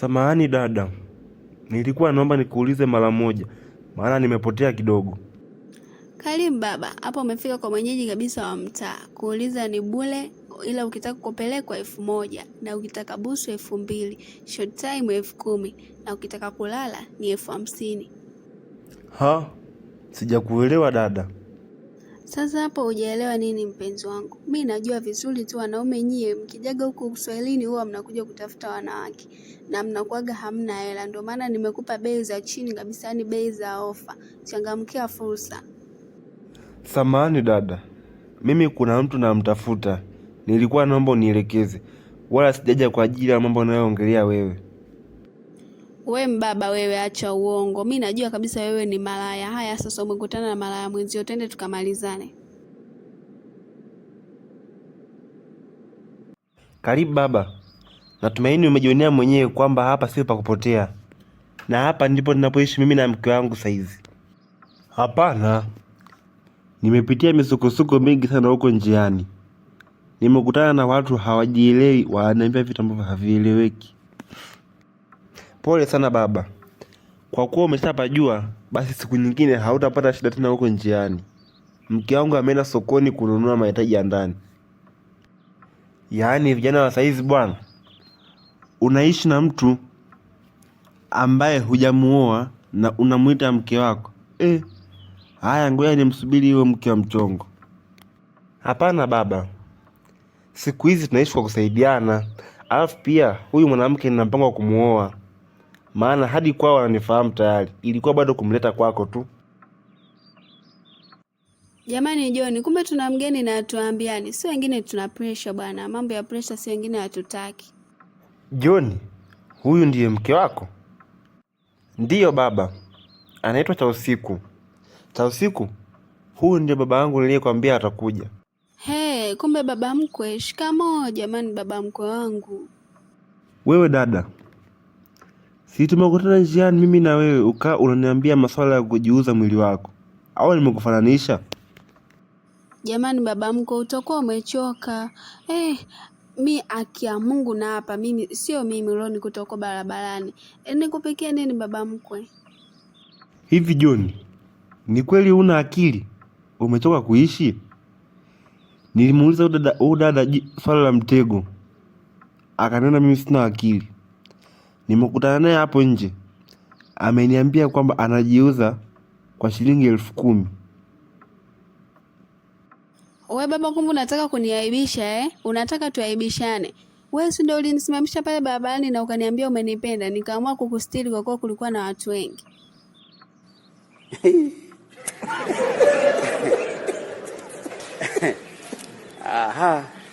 Samahani dada, nilikuwa naomba nikuulize mara moja, maana nimepotea kidogo. Karibu baba, hapo umefika kwa mwenyeji kabisa wa mtaa. Kuuliza ni bule, ila ukitaka kupelekwa elfu moja na ukitaka busu elfu mbili short time elfu kumi na ukitaka kulala ni elfu hamsini. Ha, sijakuelewa dada. Sasa hapo hujaelewa nini, mpenzi wangu. Mi najua vizuri tu, wanaume nyie mkijaga huku uswahilini huwa mnakuja kutafuta wanawake na mnakuaga hamna hela, ndio maana nimekupa bei za chini kabisa, yani bei za ofa. Changamkia fursa. Samahani dada, mimi kuna mtu namtafuta, nilikuwa naomba unielekeze, wala sijaja kwa ajili ya mambo unayoongelea wewe. We mbaba wewe, acha uongo. Mi najua kabisa wewe ni malaya. Haya sasa, umekutana na malaya mwenzio, tende tukamalizane. Karibu baba, natumaini umejionea mwenyewe kwamba hapa sio pa kupotea, na hapa ndipo ninapoishi mimi na mke wangu saizi. Hapana, nimepitia misukosuko mingi sana huko njiani, nimekutana na watu hawajielewi, wananiambia vitu ambavyo havieleweki pole sana baba, kwa kuwa umeshapajua basi siku nyingine hautapata shida tena huko njiani. Mke wangu ameenda sokoni kununua mahitaji ya ndani. Yaani vijana wa saizi bwana, unaishi na mtu ambaye hujamuoa na unamwita mke wako e? Haya, ngoja nimsubiri huyo mke wa mchongo. Hapana baba, siku hizi tunaishi kwa kusaidiana, alafu pia huyu mwanamke nina mpango wa kumuoa maana hadi kwao wananifahamu tayari, ilikuwa bado kumleta kwako tu. Jamani John, kumbe tuna mgeni na atuambiani, sio wengine tuna presha bwana. Mambo ya presha sio wengine hatutaki. John, huyu ndiye mke wako? Ndiyo baba, anaitwa cha usiku huyu ndio baba yangu niliyekwambia atakuja. He, kumbe baba mkwe. Shikamoo jamani, baba mkwe wangu. Wewe dada, Si tumekutana njiani mimi na wewe, ukaa unaniambia maswala ya kujiuza mwili wako, au nimekufananisha? Jamani baba mkwe, utakuwa umechoka eh. Mi akia Mungu na hapa mimi sio mimi uloni kutoko barabarani e, nikupikia nini baba mkwe? Hivi John, ni kweli una akili? Umetoka kuishi? Nilimuuliza huyu dada swala la mtego, akanena mimi sina akili. Nimekutana naye hapo nje ameniambia kwamba anajiuza kwa shilingi elfu kumi. We baba, kumbe unataka kuniaibisha eh? Unataka tuaibishane? Wewe si ndio ulinisimamisha pale barabarani na ukaniambia umenipenda, nikaamua kukustiri kwa kuwa kulikuwa na watu wengi. Aha.